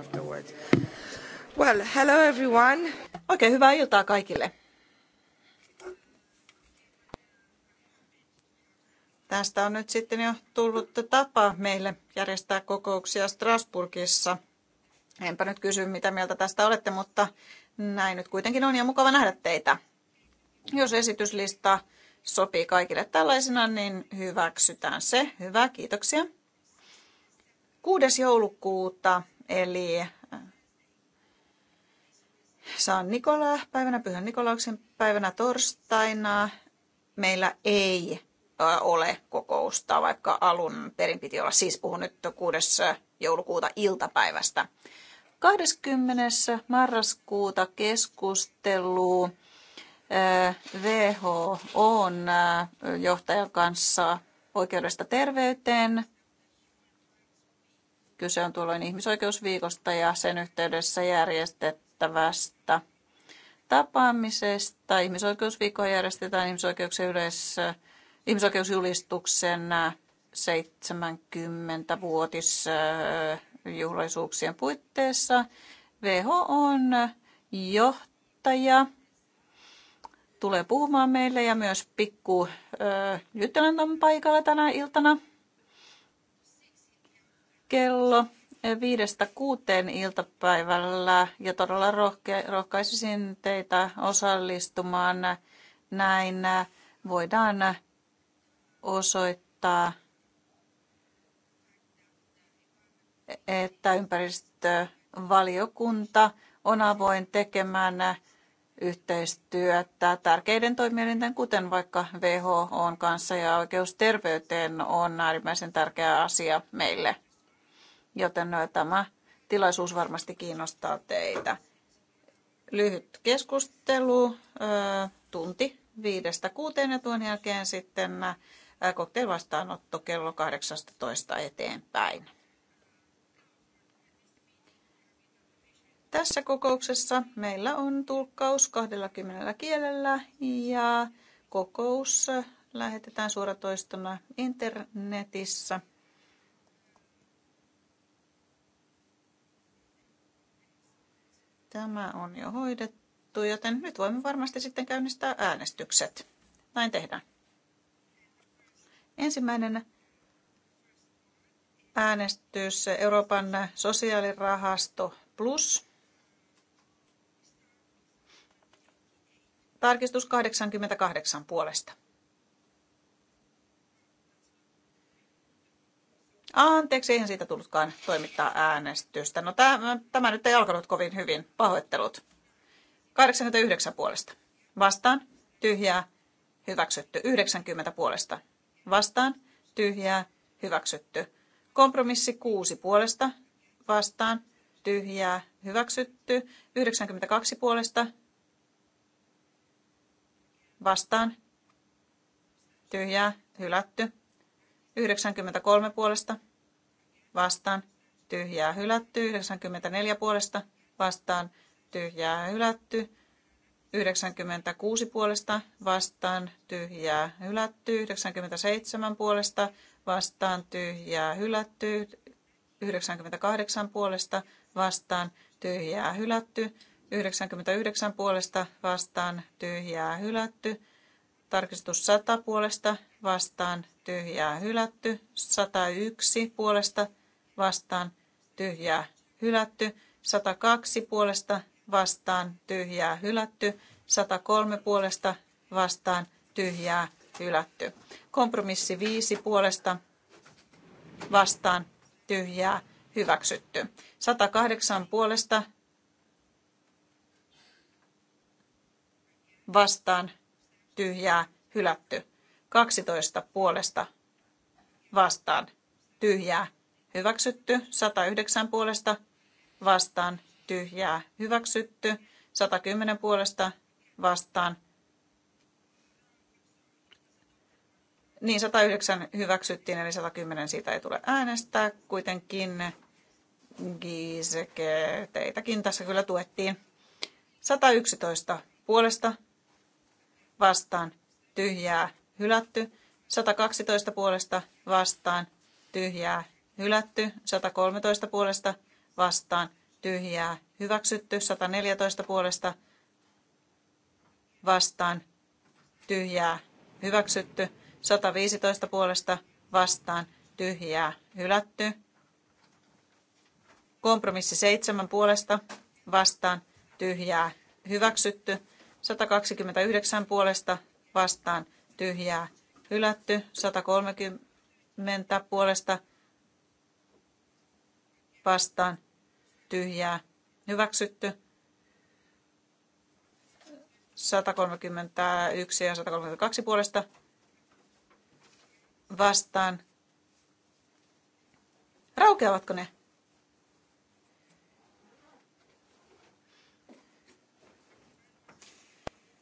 afterwards. Well, hello everyone. Okay, hyvää iltaa kaikille. Tästä on nyt sitten jo tullut tapa meille järjestää kokouksia Strasburgissa. Enpä nyt kysy, mitä mieltä tästä olette, mutta näin nyt kuitenkin on ja mukava nähdä teitä. Jos esityslista sopii kaikille tällaisena, niin hyväksytään se. Hyvä, kiitoksia. 6. joulukuuta Eli äh, San Nikola päivänä, Pyhän Nikolauksen päivänä torstaina meillä ei äh, ole kokousta, vaikka alun perin piti olla. Siis puhun nyt 6. Äh, joulukuuta iltapäivästä. 20. marraskuuta keskustelu WHO on johtajan kanssa oikeudesta terveyteen Kyse on tuolloin ihmisoikeusviikosta ja sen yhteydessä järjestettävästä tapaamisesta. Ihmisoikeusviikko järjestetään ihmisoikeuksien yleisö, ihmisoikeusjulistuksen 70 äh, vuotisjuhlaisuuksien puitteissa. WHO on johtaja tulee puhumaan meille ja myös pikku äh, on paikalla tänä iltana kello viidestä kuuteen iltapäivällä ja todella rohke- rohkaisisin teitä osallistumaan näin. Voidaan osoittaa, että ympäristövaliokunta on avoin tekemään yhteistyötä tärkeiden toimielinten, kuten vaikka WHO on kanssa ja oikeusterveyteen on äärimmäisen tärkeä asia meille joten no, tämä tilaisuus varmasti kiinnostaa teitä. Lyhyt keskustelu, tunti viidestä kuuteen ja tuon jälkeen sitten kokteen vastaanotto kello 18 eteenpäin. Tässä kokouksessa meillä on tulkkaus 20 kielellä ja kokous lähetetään suoratoistona internetissä. Tämä on jo hoidettu, joten nyt voimme varmasti sitten käynnistää äänestykset. Näin tehdään. Ensimmäinen äänestys Euroopan sosiaalirahasto plus. Tarkistus 88 puolesta. Anteeksi, eihän siitä tullutkaan toimittaa äänestystä. No tämä, tämä nyt ei alkanut kovin hyvin. Pahoittelut. 89 puolesta. Vastaan. Tyhjää. Hyväksytty. 90 puolesta. Vastaan. Tyhjää. Hyväksytty. Kompromissi 6 puolesta. Vastaan. Tyhjää. Hyväksytty. 92 puolesta. Vastaan. Tyhjää. Hylätty. 93 puolesta vastaan tyhjää hylätty. 94 puolesta vastaan tyhjää hylätty. 96 puolesta vastaan tyhjää hylätty. 97 puolesta vastaan tyhjää hylätty. 98 puolesta vastaan tyhjää hylätty. 99 puolesta vastaan tyhjää hylätty. Tarkistus 100 puolesta vastaan tyhjää hylätty. 101 puolesta vastaan tyhjää hylätty. 102 puolesta vastaan tyhjää hylätty. 103 puolesta vastaan tyhjää hylätty. Kompromissi 5 puolesta vastaan tyhjää hyväksytty. 108 puolesta vastaan tyhjää, hylätty. 12 puolesta vastaan, tyhjää, hyväksytty. 109 puolesta vastaan, tyhjää, hyväksytty. 110 puolesta vastaan, Niin, 109 hyväksyttiin, eli 110 siitä ei tule äänestää. Kuitenkin Giseke, teitäkin tässä kyllä tuettiin. 111 puolesta vastaan tyhjää hylätty. 112 puolesta vastaan tyhjää hylätty. 113 puolesta vastaan tyhjää hyväksytty. 114 puolesta vastaan tyhjää hyväksytty. 115 puolesta vastaan tyhjää hylätty. Kompromissi 7 puolesta vastaan tyhjää hyväksytty. 129 puolesta vastaan tyhjää hylätty. 130 puolesta vastaan tyhjää hyväksytty. 131 ja 132 puolesta vastaan. Raukeavatko ne?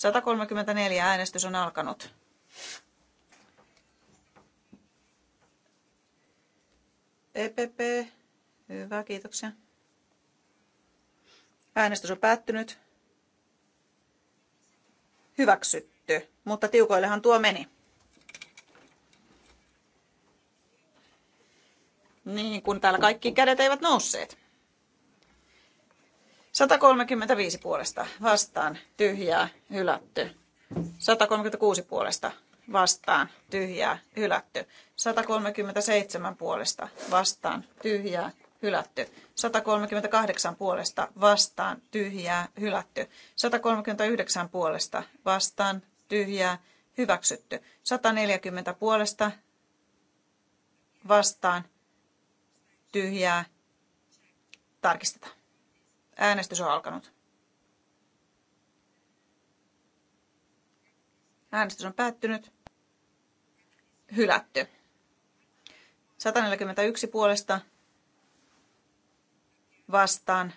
134 äänestys on alkanut. EPP, hyvä, kiitoksia. Äänestys on päättynyt. Hyväksytty, mutta tiukoillehan tuo meni. Niin, kun täällä kaikki kädet eivät nousseet. 135 puolesta vastaan tyhjää hylätty. 136 puolesta vastaan tyhjää hylätty. 137 puolesta vastaan tyhjää hylätty. 138 puolesta vastaan tyhjää hylätty. 139 puolesta vastaan tyhjää hyväksytty. 140 puolesta vastaan tyhjää tarkistetaan. Äänestys on alkanut. Äänestys on päättynyt. Hylätty. 141 puolesta vastaan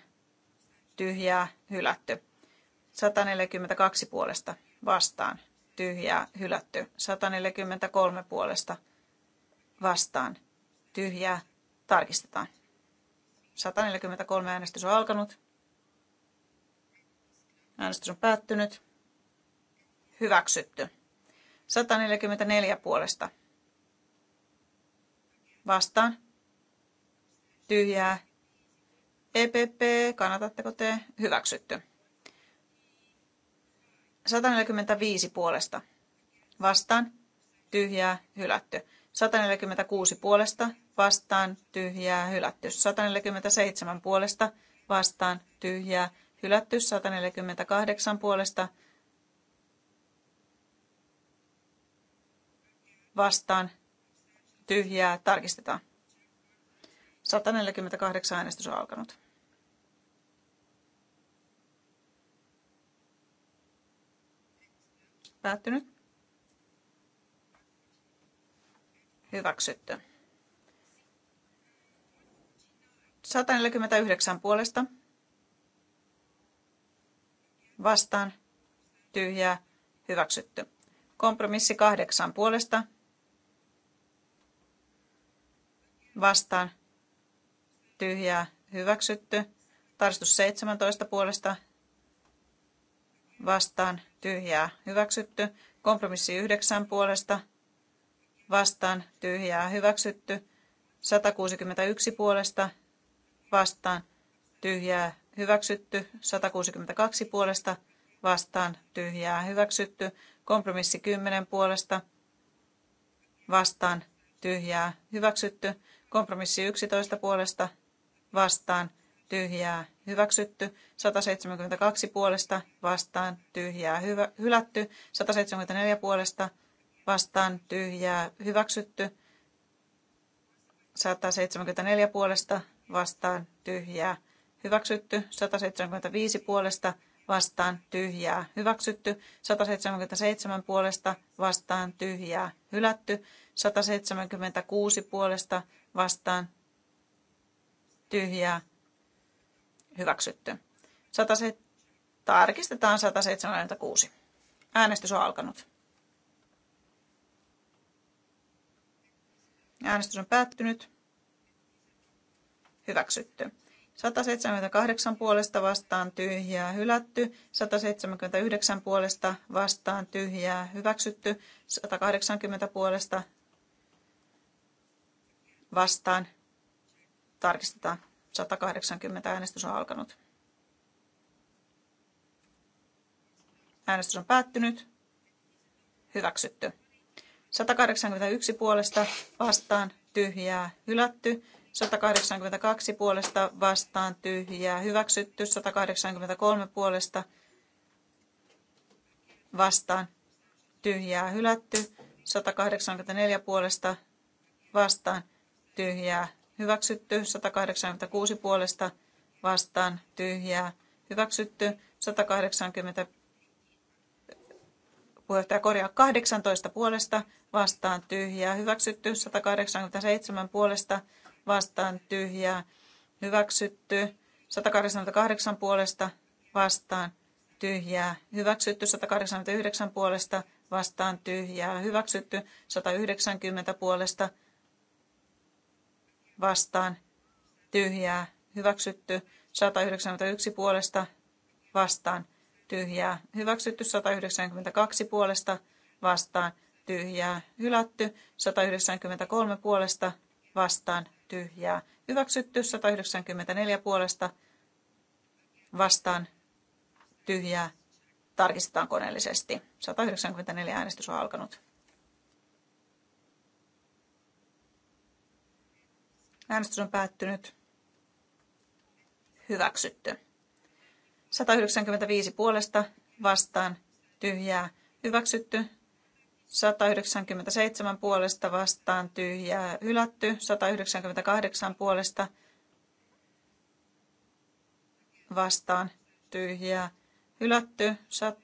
tyhjää hylätty. 142 puolesta vastaan tyhjää hylätty. 143 puolesta vastaan tyhjää tarkistetaan. 143 äänestys on alkanut. Äänestys on päättynyt. Hyväksytty. 144 puolesta. Vastaan. Tyhjää. EPP, kannatatteko te? Hyväksytty. 145 puolesta. Vastaan. Tyhjää. Hylätty. 146 puolesta. Vastaan. Tyhjää. Hylätty. 147 puolesta. Vastaan. Tyhjää hylätty 148 puolesta vastaan tyhjää tarkistetaan. 148 äänestys on alkanut. Päättynyt. Hyväksytty. 149 puolesta vastaan, tyhjää, hyväksytty. Kompromissi kahdeksan puolesta, vastaan, tyhjää, hyväksytty. Tarkistus 17 puolesta, vastaan, tyhjää, hyväksytty. Kompromissi 9 puolesta, vastaan, tyhjää, hyväksytty. 161 puolesta, vastaan, tyhjää, hyväksytty, 162 puolesta vastaan tyhjää hyväksytty, kompromissi 10 puolesta vastaan tyhjää hyväksytty, kompromissi 11 puolesta vastaan tyhjää hyväksytty, 172 puolesta vastaan tyhjää hyvä, hylätty, 174 puolesta vastaan tyhjää hyväksytty, 174 puolesta vastaan tyhjää hyväksytty, 175 puolesta vastaan tyhjää, hyväksytty, 177 puolesta vastaan tyhjää, hylätty, 176 puolesta vastaan tyhjää, hyväksytty. 100, tarkistetaan 176. Äänestys on alkanut. Äänestys on päättynyt. Hyväksytty. 178 puolesta vastaan tyhjää hylätty, 179 puolesta vastaan tyhjää hyväksytty, 180 puolesta vastaan tarkistetaan. 180 äänestys on alkanut. Äänestys on päättynyt. Hyväksytty. 181 puolesta vastaan tyhjää hylätty. 182 puolesta vastaan tyhjää hyväksytty, 183 puolesta vastaan tyhjää hylätty, 184 puolesta vastaan tyhjää hyväksytty, 186 puolesta vastaan tyhjää hyväksytty, 180 puheenjohtaja korjaa 18 puolesta vastaan tyhjää hyväksytty, 187 puolesta vastaan tyhjää hyväksytty. 188 puolesta vastaan tyhjää hyväksytty. 189 puolesta vastaan tyhjää hyväksytty. 190 puolesta vastaan tyhjää hyväksytty. 191 puolesta vastaan tyhjää hyväksytty. 192 puolesta vastaan tyhjää hylätty. 193 puolesta vastaan tyhjää. Hyväksytty 194 puolesta vastaan tyhjää. Tarkistetaan koneellisesti. 194 äänestys on alkanut. Äänestys on päättynyt. Hyväksytty. 195 puolesta vastaan tyhjää. Hyväksytty. 197 puolesta vastaan tyhjää hylätty, 198 puolesta vastaan tyhjää hylätty,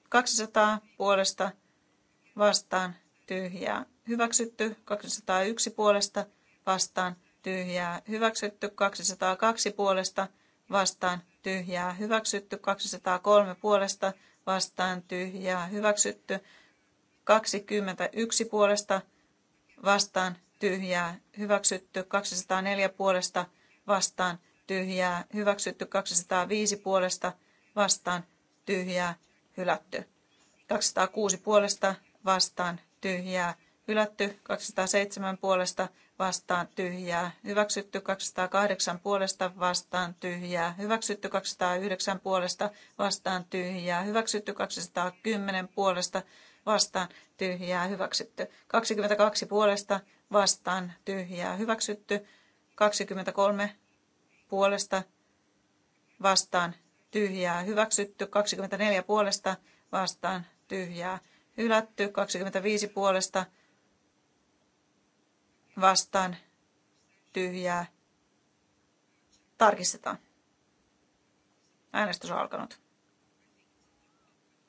200 puolesta vastaan tyhjää hyväksytty, 201 puolesta vastaan tyhjää hyväksytty, 202 puolesta vastaan tyhjää hyväksytty, 203 puolesta vastaan tyhjää hyväksytty, 21 puolesta vastaan tyhjää hyväksytty, 204 puolesta vastaan tyhjää hyväksytty, 205 puolesta vastaan tyhjää hylätty, 206 puolesta vastaan tyhjää hylätty, 207 puolesta vastaan tyhjää, hyväksytty 208 puolesta vastaan tyhjää, hyväksytty 209 puolesta vastaan tyhjää, hyväksytty 210 puolesta vastaan tyhjää hyväksytty. 22 puolesta vastaan tyhjää hyväksytty. 23 puolesta vastaan tyhjää hyväksytty. 24 puolesta vastaan tyhjää hylätty. 25 puolesta vastaan tyhjää tarkistetaan. Äänestys on alkanut.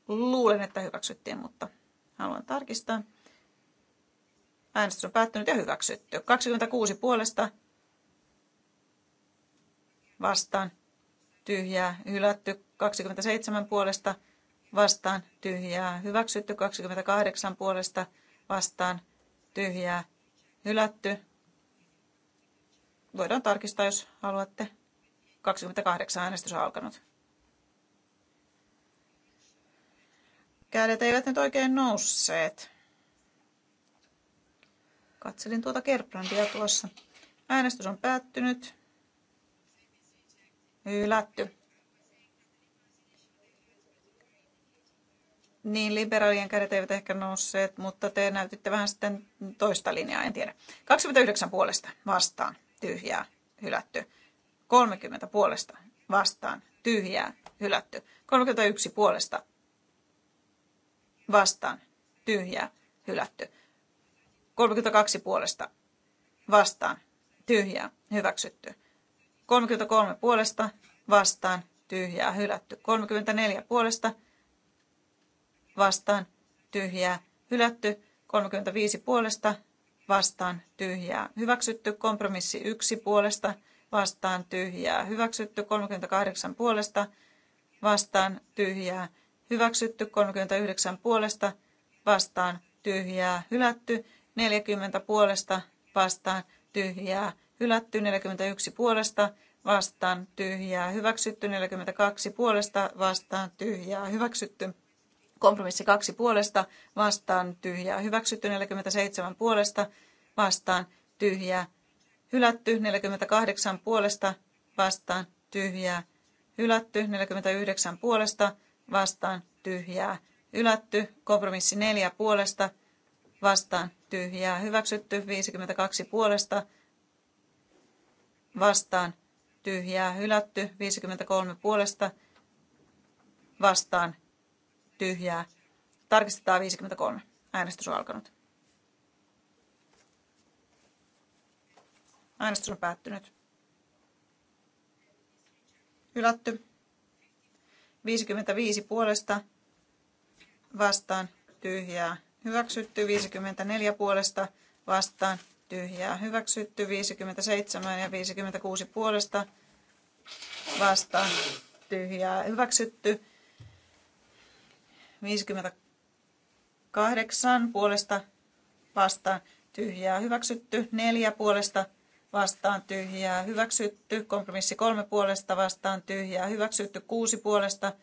Luulen, että hyväksyttiin, mutta Haluan tarkistaa. Äänestys on päättynyt ja hyväksytty. 26 puolesta vastaan tyhjää hylätty. 27 puolesta vastaan tyhjää hyväksytty. 28 puolesta vastaan tyhjää hylätty. Voidaan tarkistaa, jos haluatte. 28 äänestys on alkanut. kädet eivät nyt oikein nousseet. Katselin tuota Gerbrandia tuossa. Äänestys on päättynyt. Hylätty. Niin, liberaalien kädet eivät ehkä nousseet, mutta te näytitte vähän sitten toista linjaa, en tiedä. 29 puolesta vastaan, tyhjää, hylätty. 30 puolesta vastaan, tyhjää, hylätty. 31 puolesta vastaan, tyhjää, hylätty. 32 puolesta vastaan, tyhjää, hyväksytty. 33 puolesta vastaan, tyhjää, hylätty. 34 puolesta vastaan, tyhjää, hylätty. 35 puolesta vastaan, tyhjää, hyväksytty. Kompromissi 1 puolesta vastaan, tyhjää, hyväksytty. 38 puolesta vastaan, tyhjää, hyväksytty, 39 puolesta vastaan tyhjää hylätty, 40 puolesta vastaan tyhjää hylätty, 41 puolesta vastaan tyhjää hyväksytty, 42 puolesta vastaan tyhjää hyväksytty. Kompromissi 2 puolesta vastaan tyhjää hyväksytty, 47 puolesta vastaan tyhjää hylätty, 48 puolesta vastaan tyhjää hylätty, 49 puolesta vastaan tyhjää ylätty. Kompromissi 4 puolesta vastaan tyhjää hyväksytty. 52 puolesta vastaan tyhjää hylätty. 53 puolesta vastaan tyhjää. Tarkistetaan 53. Äänestys on alkanut. Äänestys on päättynyt. Hylätty. 55 puolesta vastaan tyhjää hyväksytty, 54 puolesta vastaan tyhjää hyväksytty, 57 ja 56 puolesta vastaan tyhjää hyväksytty, 58 puolesta vastaan tyhjää hyväksytty, 4 puolesta vastaan vastaan tyhjää, hyväksytty. Kompromissi kolme puolesta vastaan tyhjää, hyväksytty kuusi puolesta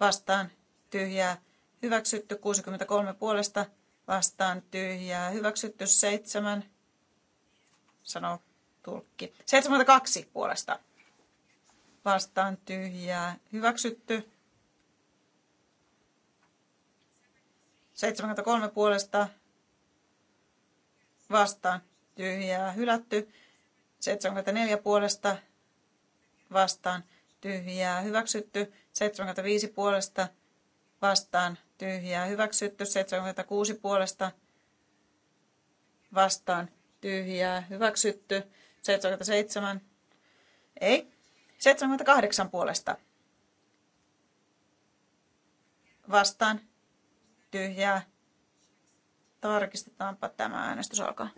vastaan tyhjää, hyväksytty 63 puolesta vastaan tyhjää, hyväksytty seitsemän, sano tulkki, 72 puolesta vastaan tyhjää, hyväksytty 73 puolesta vastaan tyhjää, hylätty 74 puolesta vastaan tyhjää hyväksytty, 75 puolesta vastaan tyhjää hyväksytty, 76 puolesta vastaan tyhjää hyväksytty, 77 ei, 78 puolesta vastaan tyhjää. Tarkistetaanpa tämä äänestys alkaa.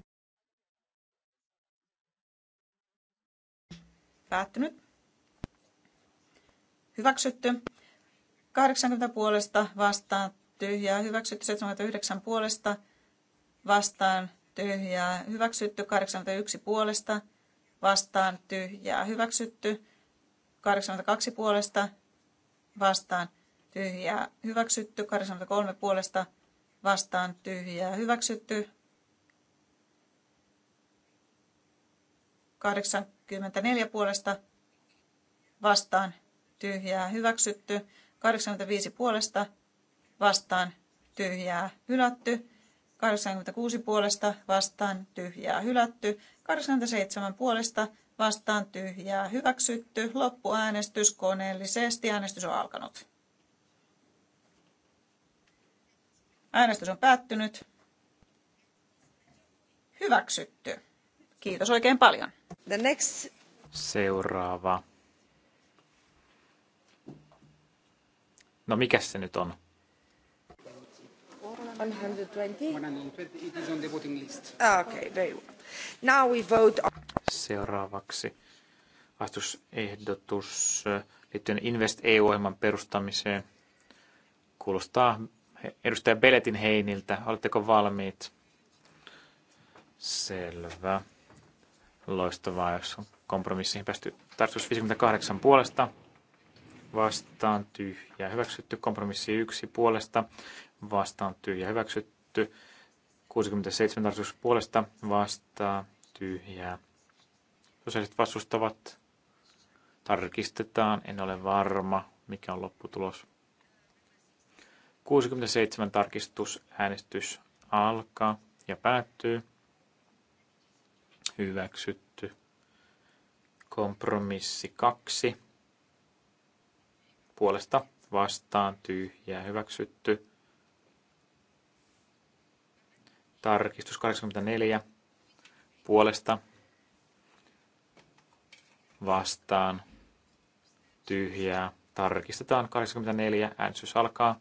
Päättynyt. Hyväksytty. 80 puolesta vastaan tyhjää. Hyväksytty 79 puolesta vastaan tyhjää. Hyväksytty 81 puolesta vastaan tyhjää. Hyväksytty 82 puolesta vastaan tyhjää. Hyväksytty 83 puolesta vastaan tyhjää. Hyväksytty 8 84 puolesta vastaan tyhjää hyväksytty. 85 puolesta vastaan tyhjää hylätty. 86 puolesta vastaan tyhjää hylätty. 87 puolesta vastaan tyhjää hyväksytty. Loppuäänestys koneellisesti. Äänestys on alkanut. Äänestys on päättynyt. Hyväksytty. Kiitos oikein paljon. The next. Seuraava. No mikä se nyt on? 120. Okay, very well. Now we vote on... Seuraavaksi vastusehdotus liittyen Invest EU-ohjelman perustamiseen. Kuulostaa edustaja Beletin heiniltä. Oletteko valmiit? Selvä. Loistavaa, jos on kompromissiin päästy. Tarkoitus 58 puolesta vastaan tyhjä hyväksytty. Kompromissi 1 puolesta vastaan tyhjä hyväksytty. 67 tarkoitus puolesta vastaan tyhjää. Sosiaaliset vastustavat. Tarkistetaan. En ole varma, mikä on lopputulos. 67 äänestys alkaa ja päättyy hyväksytty. Kompromissi 2 puolesta vastaan tyhjää hyväksytty. Tarkistus 84 puolesta vastaan tyhjää. Tarkistetaan 84, äänestys alkaa.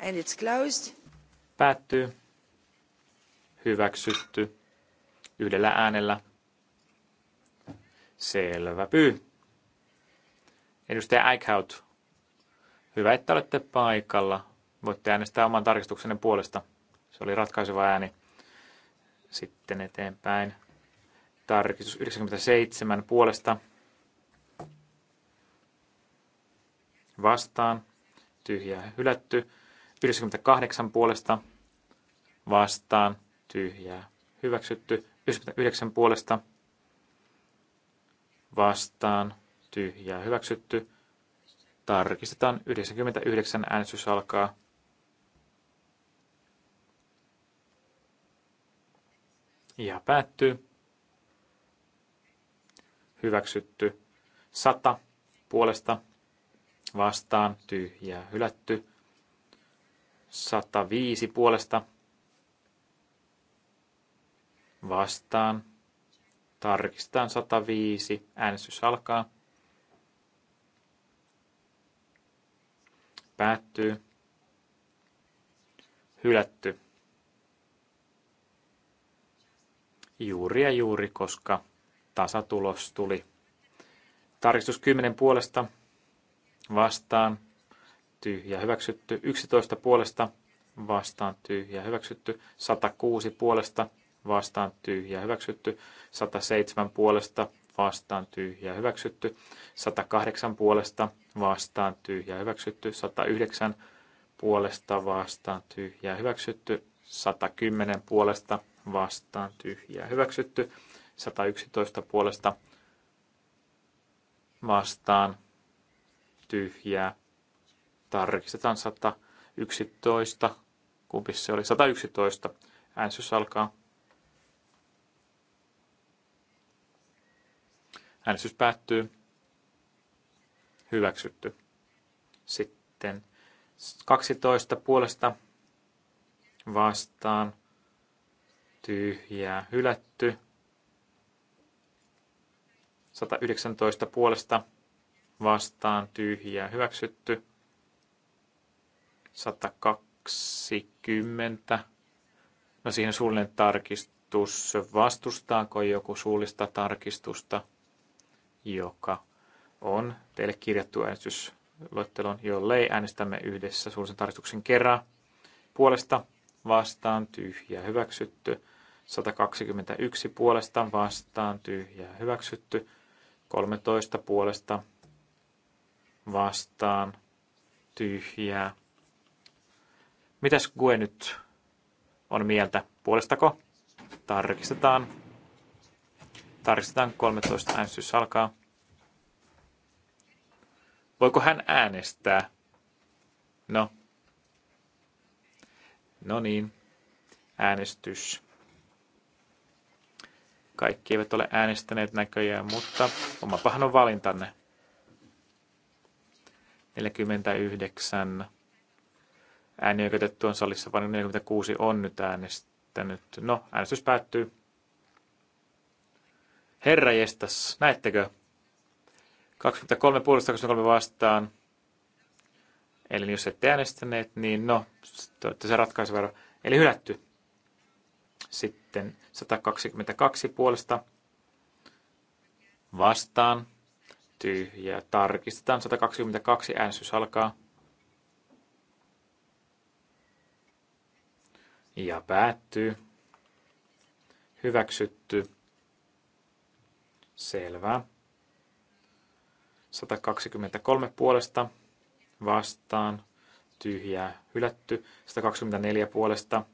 And it's closed. Päättyy. Hyväksytty. Yhdellä äänellä. Selvä pyy. Edustaja Eichhout, hyvä, että olette paikalla. Voitte äänestää oman tarkistuksenne puolesta. Se oli ratkaiseva ääni. Sitten eteenpäin. Tarkistus 97 puolesta. Vastaan. Tyhjä hylätty. 98 puolesta vastaan tyhjää hyväksytty. 99 puolesta vastaan tyhjää hyväksytty. Tarkistetaan 99 äänestys alkaa. Ja päättyy. Hyväksytty. 100 puolesta vastaan tyhjää hylätty. 105 puolesta vastaan. Tarkistetaan 105. Äänestys alkaa. Päättyy. Hylätty. Juuri ja juuri, koska tasatulos tuli. Tarkistus 10 puolesta vastaan tyhjä hyväksytty. 11 puolesta vastaan tyhjä hyväksytty. 106 puolesta vastaan tyhjä hyväksytty. 107 puolesta vastaan tyhjä hyväksytty. 108 puolesta vastaan tyhjä hyväksytty. 109 puolesta vastaan tyhjä hyväksytty. 110 puolesta vastaan tyhjä hyväksytty. 111 puolesta vastaan tyhjää Tarkistetaan 111. Kumpi se oli? 111. Äänestys alkaa. Äänestys päättyy. Hyväksytty. Sitten 12 puolesta vastaan. Tyhjää hylätty. 119 puolesta vastaan tyhjää hyväksytty. 120. No siihen suullinen tarkistus. Vastustaako joku suullista tarkistusta, joka on teille kirjattu äänestysluettelon, jollei äänestämme yhdessä suullisen tarkistuksen kerran. Puolesta vastaan tyhjä hyväksytty. 121 puolesta vastaan tyhjä hyväksytty. 13 puolesta vastaan tyhjää Mitäs Gue nyt on mieltä? Puolestako? Tarkistetaan. Tarkistetaan 13 äänestys alkaa. Voiko hän äänestää? No. No niin. Äänestys. Kaikki eivät ole äänestäneet näköjään, mutta oma pahan on valintanne. 49 äänioikeutettu on salissa, vaan 46 on nyt äänestänyt. No, äänestys päättyy. Herra jestas, näettekö? 23 puolesta 23 vastaan. Eli jos ette äänestäneet, niin no, olette se ratkaisevero. Eli hylätty. Sitten 122 puolesta vastaan. Tyhjä. Tarkistetaan. 122 äänestys alkaa. ja päättyy. Hyväksytty. Selvä. 123 puolesta vastaan tyhjää hylätty. 124 puolesta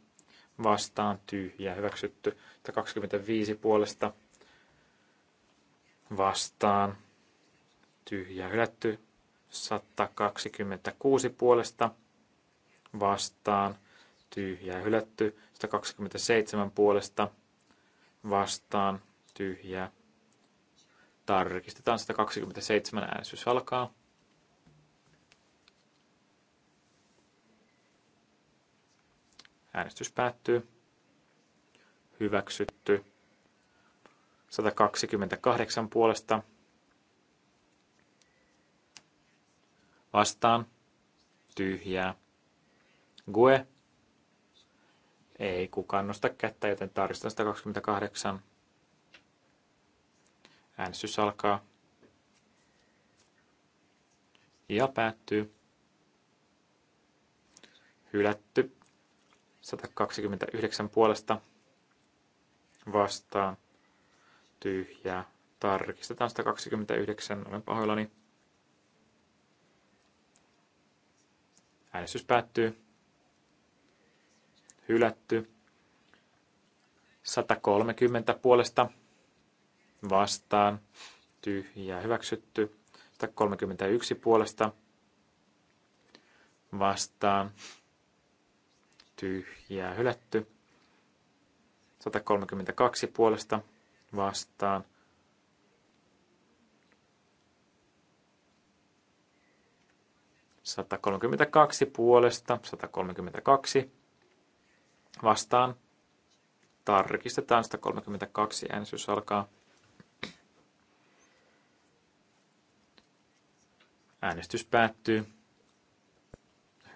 vastaan tyhjää hyväksytty. 125 puolesta vastaan tyhjää hylätty. 126 puolesta vastaan tyhjää hylätty. 127 puolesta vastaan tyhjää. Tarkistetaan 127 äänestys alkaa. Äänestys päättyy. Hyväksytty. 128 puolesta. Vastaan. Tyhjää. Gue ei kukaan nosta kättä, joten tarkistetaan 128. Äänestys alkaa. Ja päättyy. Hylätty. 129 puolesta vastaan. Tyhjää. Tarkistetaan 129. Olen pahoillani. Äänestys päättyy hylätty. 130 puolesta vastaan, tyhjää hyväksytty. 131 puolesta vastaan, tyhjää hylätty. 132 puolesta vastaan, kaksi puolesta, 132 vastaan. Tarkistetaan 132 äänestys alkaa. Äänestys päättyy.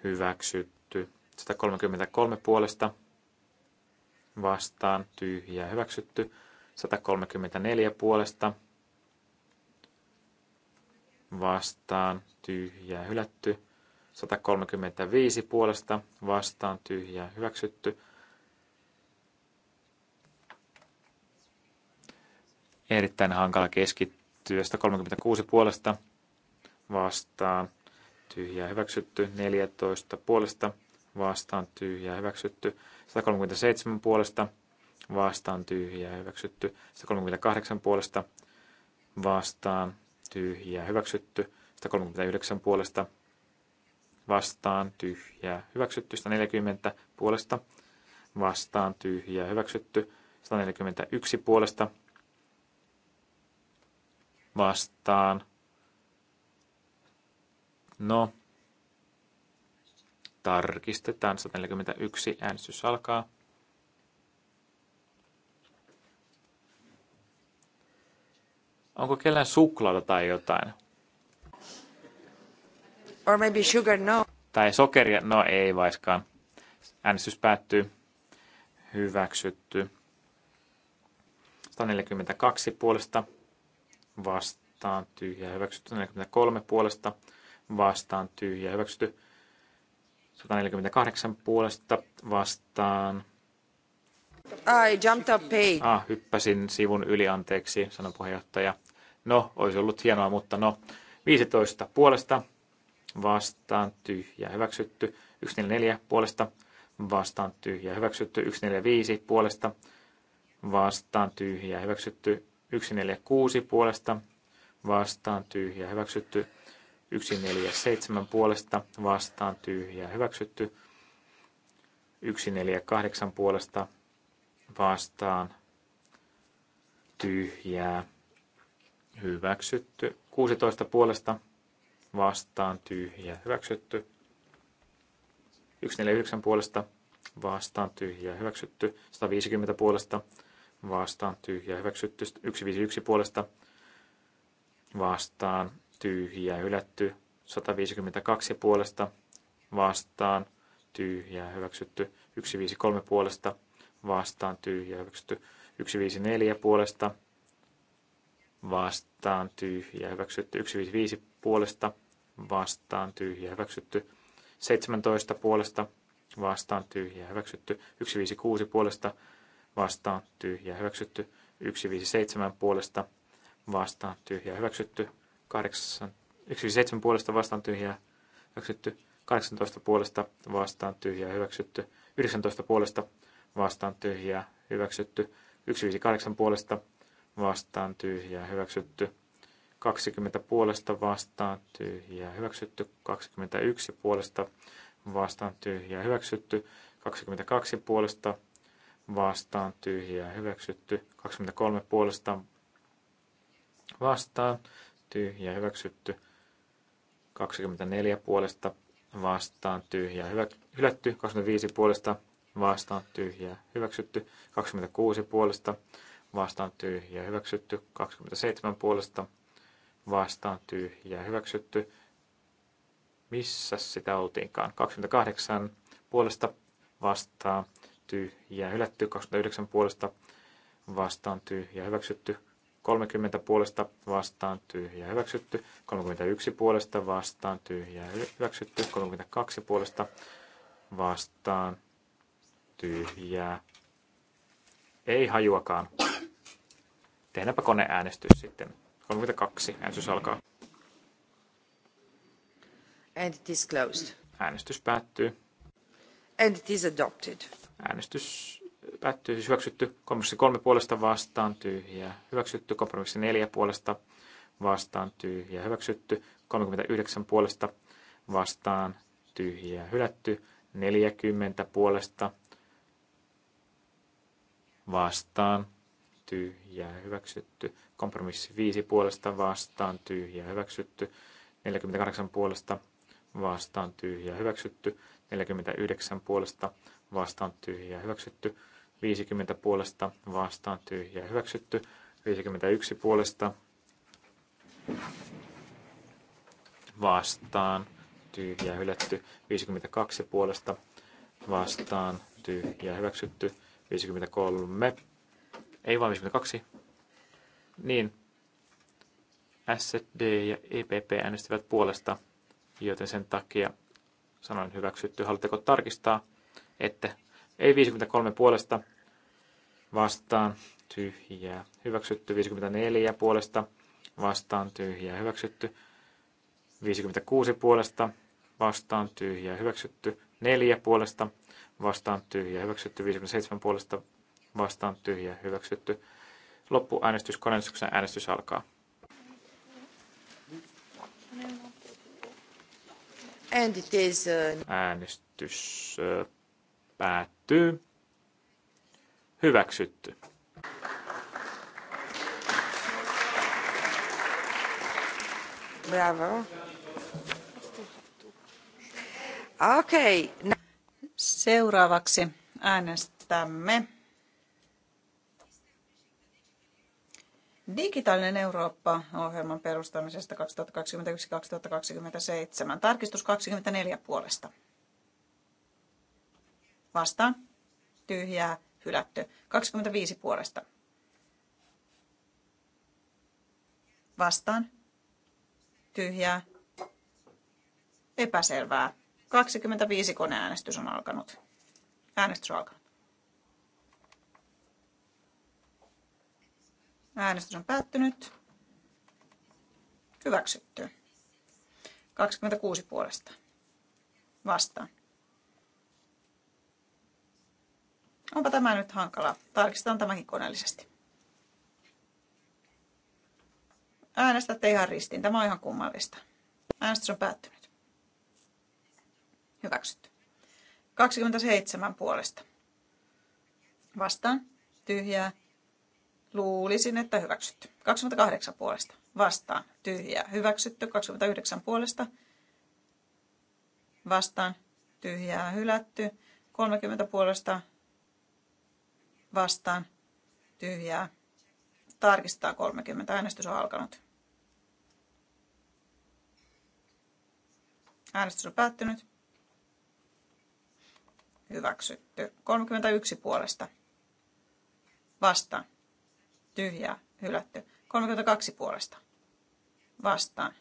Hyväksytty. 133 puolesta vastaan Tyhjä hyväksytty. 134 puolesta vastaan Tyhjä hylätty. 135 puolesta vastaan Tyhjä hyväksytty. erittäin hankala keskittyä. 136 puolesta vastaan tyhjää hyväksytty, 14 puolesta vastaan tyhjää hyväksytty, 137 puolesta vastaan tyhjää hyväksytty, 138 puolesta vastaan tyhjää hyväksytty, 139 puolesta vastaan tyhjää hyväksytty, 140 puolesta vastaan tyhjää hyväksytty, 141 puolesta vastaan. No, tarkistetaan. 141 äänestys alkaa. Onko kellään suklaata tai jotain? Or maybe sugar, no. Tai sokeria, no ei vaiskaan. Äänestys päättyy. Hyväksytty. 142 puolesta vastaan tyhjä hyväksytty. 43 puolesta vastaan tyhjä hyväksytty. 148 puolesta vastaan. I jumped up pay. Ah, hyppäsin sivun yli, anteeksi, sanoi puheenjohtaja. No, olisi ollut hienoa, mutta no. 15 puolesta vastaan tyhjä hyväksytty. 144 puolesta vastaan tyhjä hyväksytty. 145 puolesta vastaan tyhjä hyväksytty. 146 puolesta vastaan tyhjä hyväksytty. 147 puolesta vastaan tyhjä hyväksytty. 148 puolesta vastaan tyhjää hyväksytty. 16 puolesta vastaan tyhjä hyväksytty. 149 puolesta vastaan tyhjä hyväksytty. 150 puolesta vastaan, vastaan tyhjä hyväksytty. 151 puolesta vastaan tyhjä hylätty. 152 puolesta vastaan tyhjä hyväksytty. 153 puolesta vastaan tyhjä hyväksytty. 154 puolesta vastaan tyhjä hyväksytty. 155 puolesta vastaan tyhjä hyväksytty. 17 puolesta vastaan tyhjä hyväksytty. 156 puolesta vastaan tyhjä hyväksytty. 157 puolesta vastaan tyhjä hyväksytty. 157 puolesta vastaan tyhjä hyväksytty. 18 puolesta vastaan tyhjä hyväksytty. 19 puolesta vastaan tyhjä hyväksytty. 158 puolesta vastaan tyhjä hyväksytty. 20 puolesta vastaan tyhjä hyväksytty. 21 puolesta vastaan tyhjä hyväksytty. 22 puolesta vastaan tyhjää hyväksytty. 23 puolesta vastaan tyhjää hyväksytty. 24 puolesta vastaan tyhjää hyvä, hylätty. 25 puolesta vastaan tyhjää hyväksytty. 26 puolesta vastaan tyhjää hyväksytty. 27 puolesta vastaan tyhjää hyväksytty. Missä sitä oltiinkaan? 28 puolesta vastaan tyhjää hylätty, 29 puolesta vastaan tyhjää hyväksytty, 30 puolesta vastaan tyhjää hyväksytty, 31 puolesta vastaan tyhjää hyväksytty, 32 puolesta vastaan tyhjää. Ei hajuakaan. Tehdäänpä koneäänestys sitten. 32. Äänestys alkaa. And it is closed. Äänestys päättyy. And it is adopted. Äänestys päättyy, siis hyväksytty kompromissi kolme puolesta vastaan tyhjä, hyväksytty kompromissi neljä puolesta vastaan tyhjä, hyväksytty 39 puolesta vastaan tyhjä, hylätty 40 puolesta vastaan tyhjä, hyväksytty kompromissi viisi puolesta vastaan tyhjä, hyväksytty 48 puolesta vastaan tyhjä, hyväksytty 49 puolesta vastaan tyhjää hyväksytty. 50 puolesta vastaan tyhjää hyväksytty. 51 puolesta vastaan tyhjää hylätty. 52 puolesta vastaan tyhjää hyväksytty. 53, ei vaan 52. Niin, SD ja EPP äänestivät puolesta, joten sen takia sanoin hyväksytty. Haluatteko tarkistaa? Ette ei 53 puolesta vastaan tyhjää hyväksytty, 54 puolesta vastaan tyhjää hyväksytty, 56 puolesta vastaan tyhjää hyväksytty, 4 puolesta vastaan tyhjää hyväksytty, 57 puolesta vastaan tyhjää hyväksytty. Loppuäänestys Koneistuksen äänestys alkaa. Uh, äänestys Päättyy. Hyväksytty. Bravo. Okei. Okay. Seuraavaksi äänestämme. Digitaalinen Eurooppa-ohjelman perustamisesta 2021-2027. Tarkistus 24 puolesta. Vastaan. Tyhjää. Hylätty. 25 puolesta. Vastaan. Tyhjää. Epäselvää. 25 koneäänestys on alkanut. Äänestys on alkanut. Äänestys on päättynyt. Hyväksytty. 26 puolesta. Vastaan. Onpa tämä nyt hankala. Tarkistetaan tämäkin koneellisesti. Äänestätte ihan ristiin. Tämä on ihan kummallista. Äänestys on päättynyt. Hyväksytty. 27 puolesta. Vastaan. Tyhjää. Luulisin, että hyväksytty. 28 puolesta. Vastaan. Tyhjää. Hyväksytty. 29 puolesta. Vastaan. Tyhjää. Hylätty. 30 puolesta vastaan tyhjää. Tarkistaa 30. Äänestys on alkanut. Äänestys on päättynyt. Hyväksytty. 31 puolesta. Vastaan. Tyhjää. Hylätty. 32 puolesta. Vastaan.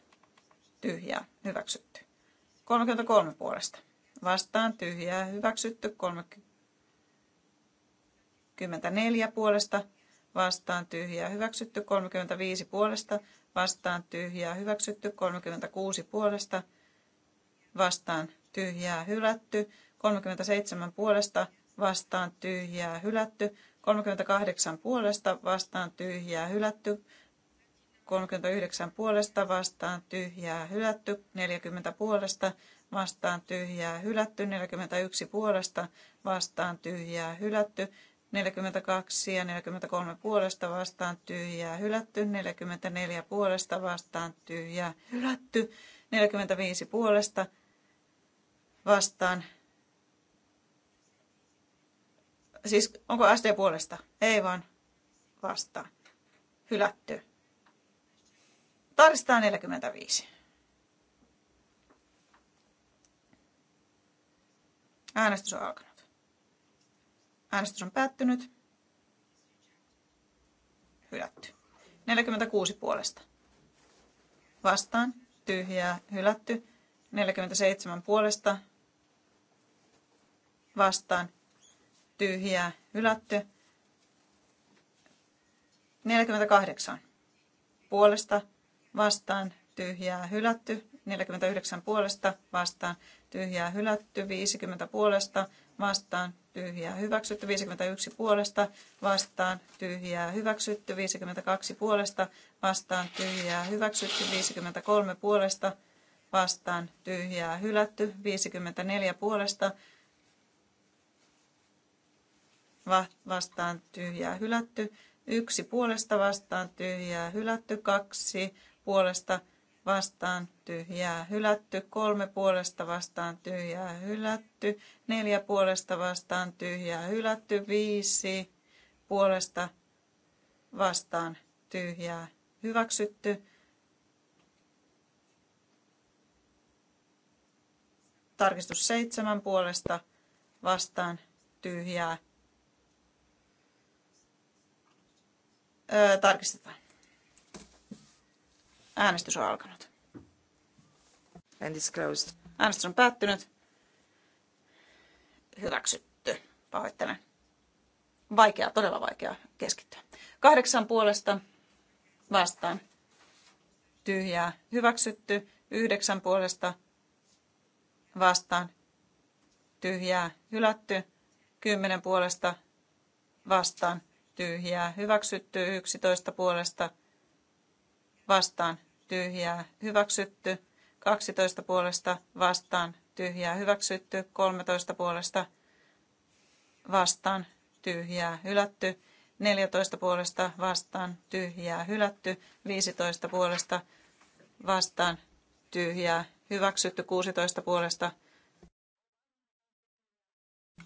Tyhjää. Hyväksytty. 33 puolesta. Vastaan. Tyhjää. Hyväksytty. 30 34 puolesta vastaan tyhjää hyväksytty, 35 puolesta vastaan tyhjää hyväksytty, 36 puolesta vastaan tyhjää hylätty, 37 puolesta vastaan tyhjää hylätty, 38 puolesta vastaan tyhjää hylätty, 39 puolesta vastaan tyhjää hylätty, 40 puolesta vastaan tyhjää hylätty, 41 puolesta vastaan tyhjää hylätty, 42 ja 43 puolesta vastaan tyhjää hylätty, 44 puolesta vastaan tyhjää hylätty, 45 puolesta vastaan. Siis onko SD puolesta? Ei vaan vastaan. Hylätty. Tarvitaan 45. Äänestys on alkanut. Äänestys on päättynyt. Hylätty. 46 puolesta. Vastaan. Tyhjää. Hylätty. 47 puolesta. Vastaan. Tyhjää. Hylätty. 48 puolesta. Vastaan. Tyhjää. Hylätty. 49 puolesta. Vastaan. Tyhjää. Hylätty. 50 puolesta. Vastaan tyhjää hyväksytty, 51 puolesta vastaan tyhjää hyväksytty, 52 puolesta vastaan tyhjää hyväksytty, 53 puolesta vastaan tyhjää hylätty, 54 puolesta va- vastaan tyhjää hylätty, 1 puolesta vastaan tyhjää hylätty, 2 puolesta vastaan, vastaan tyhjää hylätty, kolme puolesta vastaan tyhjää hylätty, neljä puolesta vastaan tyhjää hylätty, viisi puolesta vastaan tyhjää hyväksytty. Tarkistus seitsemän puolesta vastaan tyhjää. Öö, tarkistetaan. Äänestys on alkanut. And is closed. Äänestys on päättynyt. Hyväksytty. Pahoittelen. Vaikea, todella vaikea keskittyä. Kahdeksan puolesta vastaan. Tyhjää. Hyväksytty. Yhdeksän puolesta vastaan. Tyhjää. Hylätty. Kymmenen puolesta vastaan. Tyhjää. Hyväksytty. Yksitoista puolesta vastaan tyhjää hyväksytty, 12 puolesta vastaan tyhjää hyväksytty, 13 puolesta vastaan tyhjää hylätty, 14 puolesta vastaan tyhjää hylätty, 15 puolesta vastaan tyhjää hyväksytty, 16 puolesta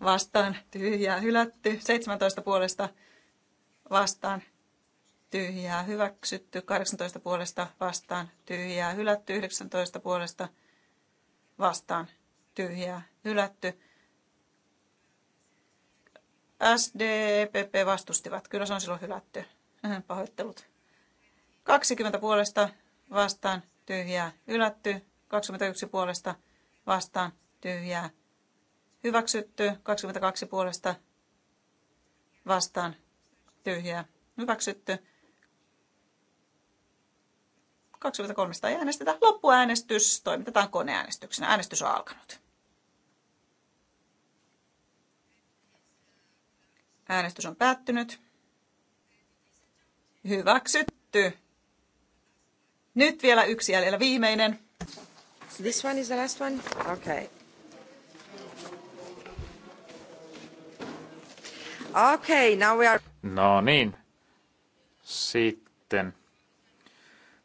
vastaan tyhjää hylätty, 17 puolesta vastaan tyhjää hyväksytty, 18 puolesta vastaan tyhjää hylätty, 19 puolesta vastaan tyhjää hylätty. SDPP vastustivat, kyllä se on silloin hylätty. Pahoittelut. 20 puolesta vastaan tyhjää hylätty, 21 puolesta vastaan tyhjää hyväksytty, 22 puolesta vastaan tyhjää hyväksytty, 23 ei äänestetä. Loppuäänestys toimitetaan koneäänestyksenä. Äänestys on alkanut. Äänestys on päättynyt. Hyväksytty. Nyt vielä yksi jäljellä viimeinen. This one is the last one? Okay. Okay, now we are... No niin. Sitten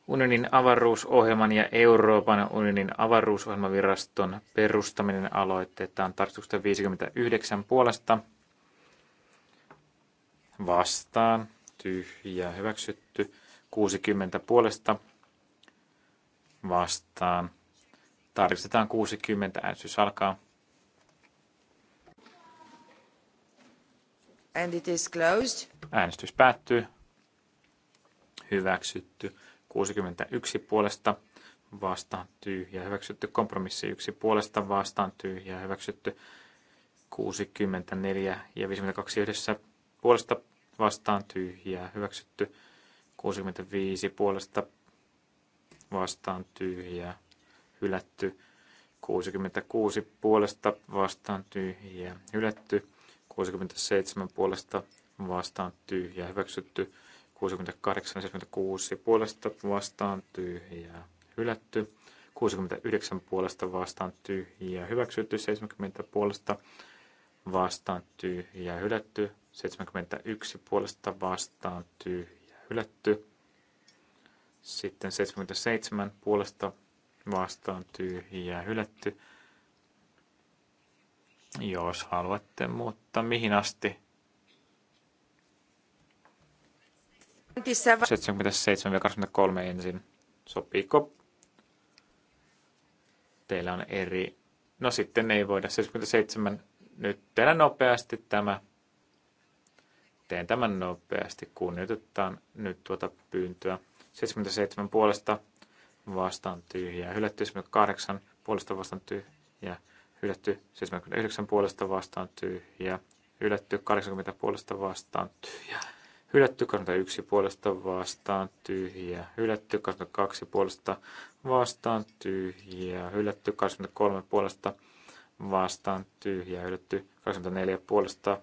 Unionin avaruusohjelman ja Euroopan unionin avaruusohjelmaviraston perustaminen aloitetaan tarkistuksesta 59 puolesta. Vastaan. Tyhjää. Hyväksytty. 60 puolesta. Vastaan. Tarkistetaan 60. Äänestys alkaa. And it is closed. Äänestys päättyy. Hyväksytty. 61 puolesta vastaan tyhjä, hyväksytty. Kompromissi 1 puolesta vastaan tyhjä, hyväksytty. 64 ja 52 yhdessä puolesta vastaan tyhjä, hyväksytty. 65 puolesta vastaan tyhjä, hylätty. 66 puolesta vastaan tyhjä, hylätty. 67 puolesta vastaan tyhjä, hyväksytty. 68 76 puolesta vastaan tyhjää hylätty. 69 puolesta vastaan tyhjää hyväksytty. 70 puolesta vastaan tyhjää hylätty. 71 puolesta vastaan tyhjää hylätty. Sitten 77 puolesta vastaan tyhjää hylätty. Jos haluatte, mutta mihin asti? 77-23 ensin. Sopiiko? Teillä on eri... No sitten ei voida. 77. Nyt tehdään nopeasti tämä. Teen tämän nopeasti. Kunnioitetaan nyt tuota pyyntöä. 77 puolesta vastaan tyhjää. Hylätty 78 puolesta vastaan tyhjää. Hylätty 79 puolesta vastaan tyhjää. Hylätty 80 puolesta vastaan tyhjää hylätty, yksi puolesta vastaan tyhjä, hylätty, kaksi puolesta vastaan tyhjä, hylätty, 23 puolesta vastaan tyhjä, hylätty, 24 puolesta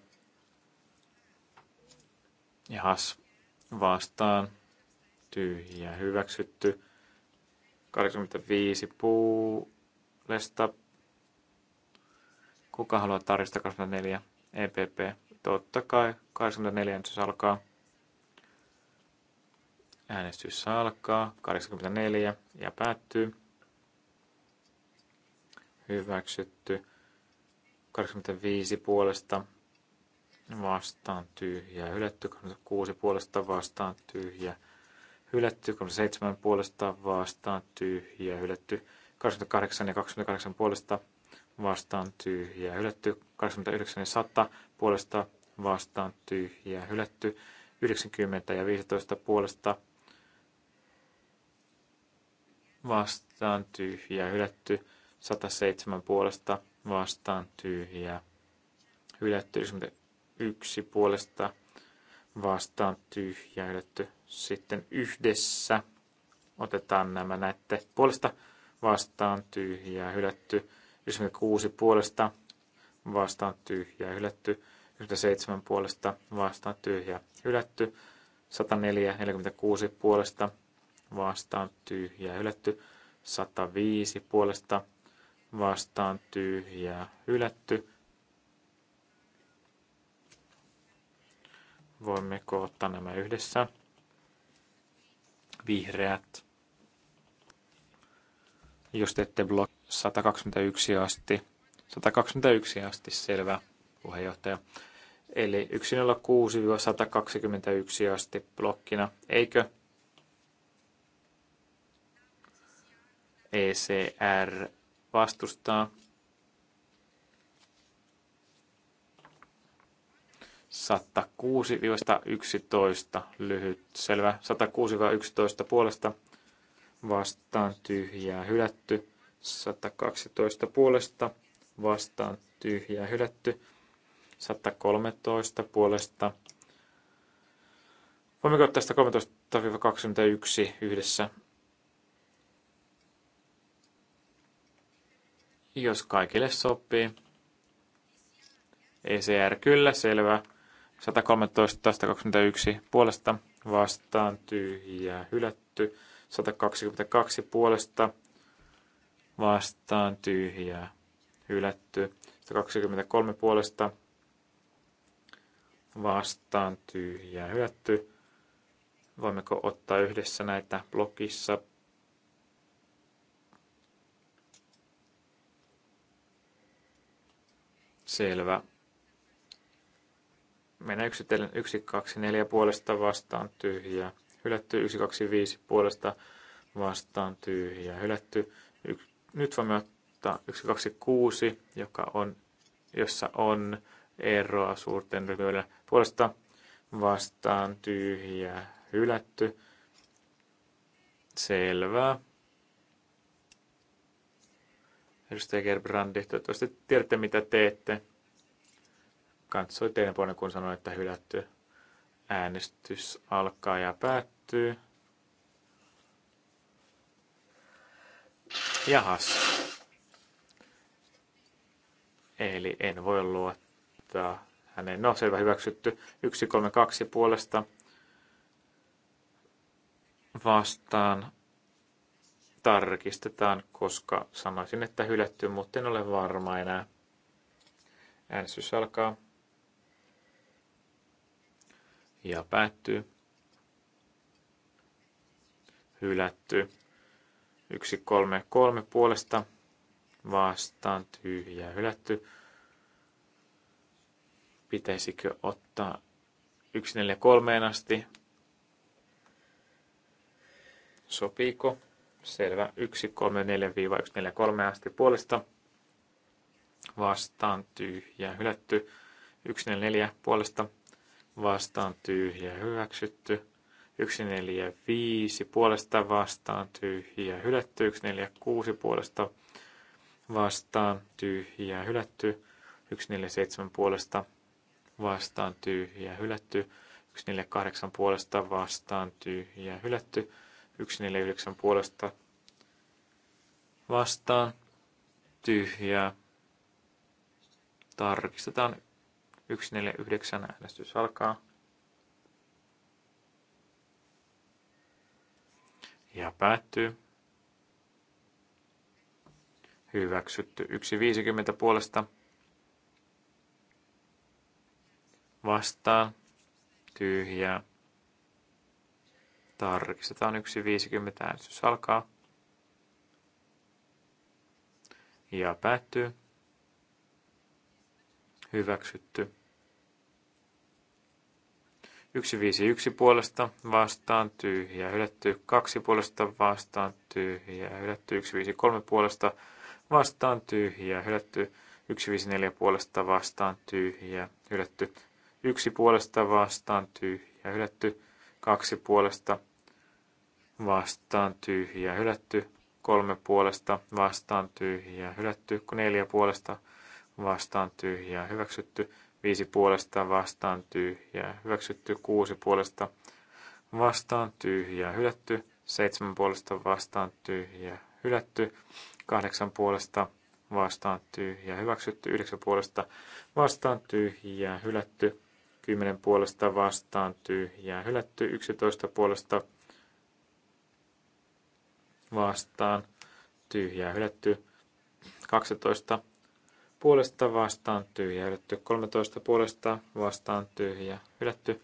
jahas vastaan tyhjä, hyväksytty, 85 puolesta, kuka haluaa tarjosta 24, EPP, totta kai, 24 nyt se siis alkaa. Äänestys alkaa. 84 ja päättyy. Hyväksytty. 85 puolesta vastaan tyhjä. Hylätty. 86 puolesta vastaan tyhjä. Hylätty. 37 puolesta vastaan tyhjä. Hylätty. 28 ja 28 puolesta vastaan tyhjä. Hylätty. 89 ja 100 puolesta vastaan tyhjä. Hylätty. 90 ja 15 puolesta vastaan tyhjää hylätty, 107 puolesta vastaan tyhjää hylätty, 91 puolesta vastaan tyhjää hylätty. Sitten yhdessä otetaan nämä näette puolesta vastaan tyhjää hylätty, 96 puolesta vastaan tyhjää hylätty, 97 puolesta vastaan tyhjää hylätty, 104, 46 puolesta vastaan tyhjää hylätty. 105 puolesta vastaan tyhjää hylätty. Voimmeko ottaa nämä yhdessä? Vihreät. Jos teette blok 121 asti. 121 asti, selvä puheenjohtaja. Eli 106-121 asti blokkina, eikö? ECR vastustaa. Satta 106-111 lyhyt, selvä. 106-11 puolesta vastaan tyhjää hylätty. 112 puolesta vastaan tyhjää hylätty. 113 puolesta. Voimmeko ottaa 113-21 yhdessä Jos kaikille sopii. ECR kyllä, selvä. 113, 121 puolesta vastaan tyhjää hylätty. 122 puolesta vastaan tyhjää hylätty. 123 puolesta vastaan tyhjää hylätty. Voimmeko ottaa yhdessä näitä blokissa? Selvä. Mennään yksitellen 1, 2, 4 puolesta vastaan tyhjää. Hylätty 1, 2, 5 puolesta vastaan tyhjää. Hylätty. nyt voimme ottaa 1, 2, 6, joka on, jossa on eroa suurten ryhmien puolesta vastaan tyhjää. Hylätty. Selvä. Edustaja Gerbrandi, toivottavasti tiedätte mitä teette. Katsoi teidän puolen, kun sanoin, että hylätty äänestys alkaa ja päättyy. Jahas. Eli en voi luottaa hänen. No selvä, hyväksytty. 132 puolesta vastaan tarkistetaan, koska sanoisin, että hylätty, mutta en ole varma enää. Äänestys alkaa. Ja päättyy. Hylätty. kolme puolesta vastaan tyhjä hylätty. Pitäisikö ottaa 143 asti? Sopiiko? Selvä. 134-143 asti puolesta. Vastaan tyhjä hylätty. 144 puolesta. Vastaan tyhjä hyväksytty. 145 puolesta vastaan tyhjä hylätty. 146 puolesta vastaan tyhjä hylätty. 147 puolesta vastaan tyhjä hylätty. 148 puolesta vastaan tyhjä hylätty. 149 puolesta vastaan tyhjää. Tarkistetaan 149 äänestys alkaa. Ja päättyy. Hyväksytty 150 puolesta vastaan tyhjää Tarkistetaan 1.50. Äänestys alkaa. Ja päättyy. Hyväksytty. 151 puolesta vastaan tyhjä, hylätty 2 puolesta vastaan tyhjä, hylätty 153 puolesta vastaan tyhjä, hylätty 154 puolesta vastaan tyhjä, hylätty 1 puolesta vastaan tyhjä, hylätty kaksi puolesta vastaan tyhjä hylätty, kolme puolesta vastaan tyhjä hylätty, neljä puolesta vastaan tyhjä hyväksytty, viisi puolesta vastaan tyhjä hyväksytty, kuusi puolesta vastaan tyhjä hylätty, seitsemän puolesta vastaan tyhjä hylätty, kahdeksan puolesta vastaan tyhjä hyväksytty, yhdeksän puolesta vastaan tyhjä hylätty, 10 puolesta vastaan tyhjää hylätty, 11 puolesta vastaan tyhjää hylätty, 12 puolesta vastaan tyhjää, hylätty, 13 puolesta vastaan tyhjää, hylätty,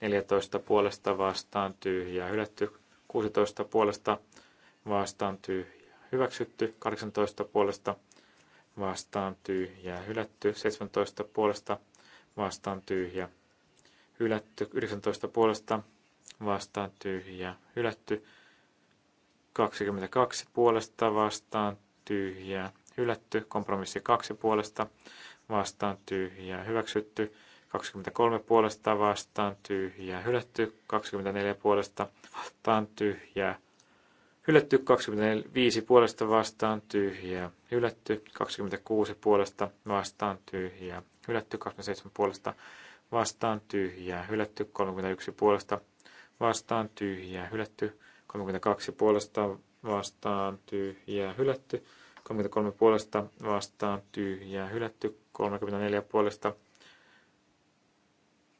14 puolesta vastaan tyhjää, hylätty, 16 puolesta vastaan tyhjää, hyväksytty, 18 puolesta vastaan tyhjää, hylätty, 17 puolesta vastaan vastaan tyhjä, hylätty. 19 puolesta vastaan tyhjä, hylätty. 22 puolesta vastaan tyhjä, hylätty. Kompromissi 2 puolesta vastaan tyhjä, hyväksytty. 23 puolesta vastaan tyhjä. hylätty 24 puolesta vastaan tyhjä. hylätty 25 puolesta vastaan tyhjä. hylätty 26 puolesta vastaan tyhjä hylätty 27 puolesta vastaan tyhjää, hylätty 31 puolesta vastaan tyhjää, hylätty 32 puolesta vastaan tyhjää, hylätty 33 puolesta vastaan tyhjää, hylätty 34 puolesta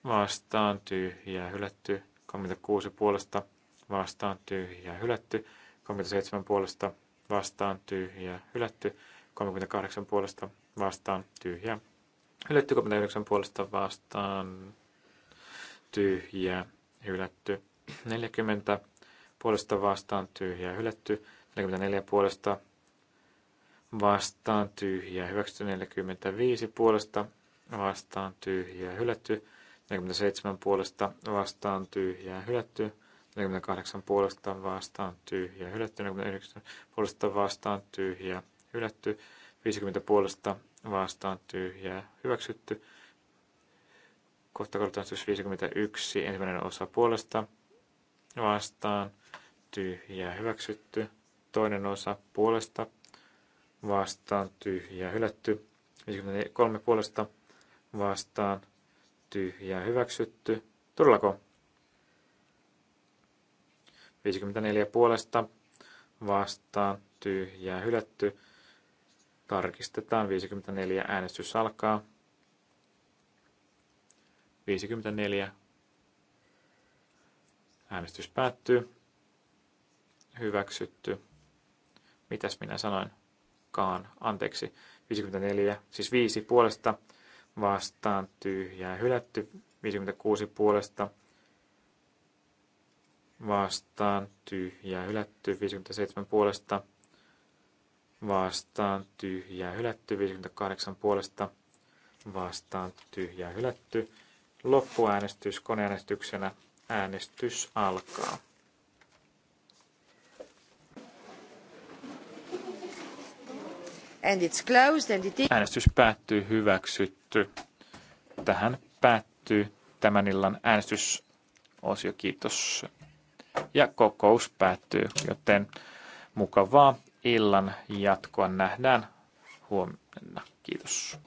vastaan tyhjää, hylätty 36 puolesta vastaan tyhjää, hylätty 37 puolesta vastaan tyhjää, hylätty 38 puolesta vastaan tyhjää, Hylätty 39 puolesta vastaan. Tyhjä. Hylätty. 40 puolesta vastaan. Tyhjä. Hylätty. 44 puolesta vastaan. Tyhjä. Hyväksytty 45 puolesta vastaan. Tyhjä. Hylätty. 47 puolesta vastaan. Tyhjä. Hylätty. 48 puolesta vastaan tyhjä, hylätty 49 puolesta vastaan tyhjä, hylätty 50 puolesta vastaan tyhjää hyväksytty. Kohta korottanut 51 ensimmäinen osa puolesta vastaan tyhjää hyväksytty. Toinen osa puolesta vastaan tyhjää hylätty. 53 puolesta vastaan tyhjää hyväksytty. Todellako? 54 puolesta vastaan tyhjää hylätty. Tarkistetaan 54. Äänestys alkaa. 54. Äänestys päättyy. Hyväksytty. Mitäs minä sanoin? Kaan Anteeksi. 54, siis 5 puolesta vastaan tyhjää hylätty. 56 puolesta vastaan tyhjää hylätty. 57 puolesta vastaan tyhjää hylätty, 58 puolesta vastaan tyhjää hylätty. Loppuäänestys koneäänestyksenä. Äänestys alkaa. And it's closed and it... Äänestys päättyy hyväksytty. Tähän päättyy tämän illan äänestysosio. Kiitos. Ja kokous päättyy, joten mukavaa illan jatkoa nähdään huomenna. Kiitos.